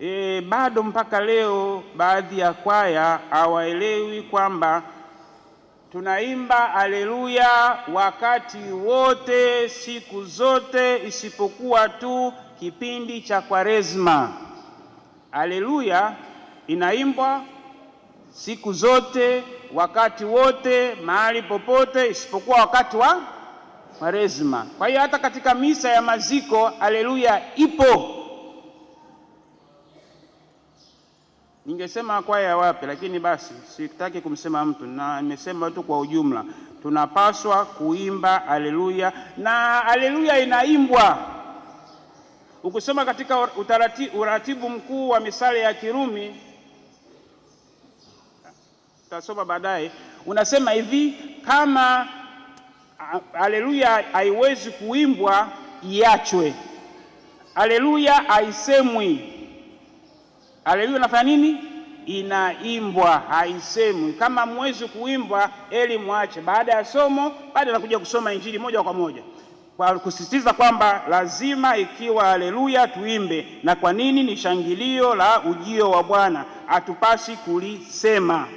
e, bado mpaka leo baadhi ya kwaya hawaelewi kwamba tunaimba haleluya wakati wote siku zote isipokuwa tu kipindi cha Kwaresma. Haleluya inaimbwa siku zote wakati wote mahali popote isipokuwa wakati wa Kwaresma. Kwa hiyo hata katika misa ya maziko haleluya ipo. Ningesema kwaya wapi, lakini basi sitaki kumsema mtu, na nimesema tu kwa ujumla, tunapaswa kuimba haleluya, na haleluya inaimbwa. Ukisoma katika utarati, uratibu mkuu wa misale ya Kirumi, utasoma baadaye, unasema hivi kama haleluya haiwezi kuimbwa, iachwe. Haleluya haisemwi Haleluya inafanya nini? Inaimbwa, haisemwi. Kama mwezi kuimbwa, eli mwache, baada ya somo, baada kuja kusoma injili moja kwa moja, kwa kusisitiza kwamba lazima ikiwa haleluya tuimbe. Na kwa nini? Ni shangilio la ujio wa Bwana, hatupasi kulisema.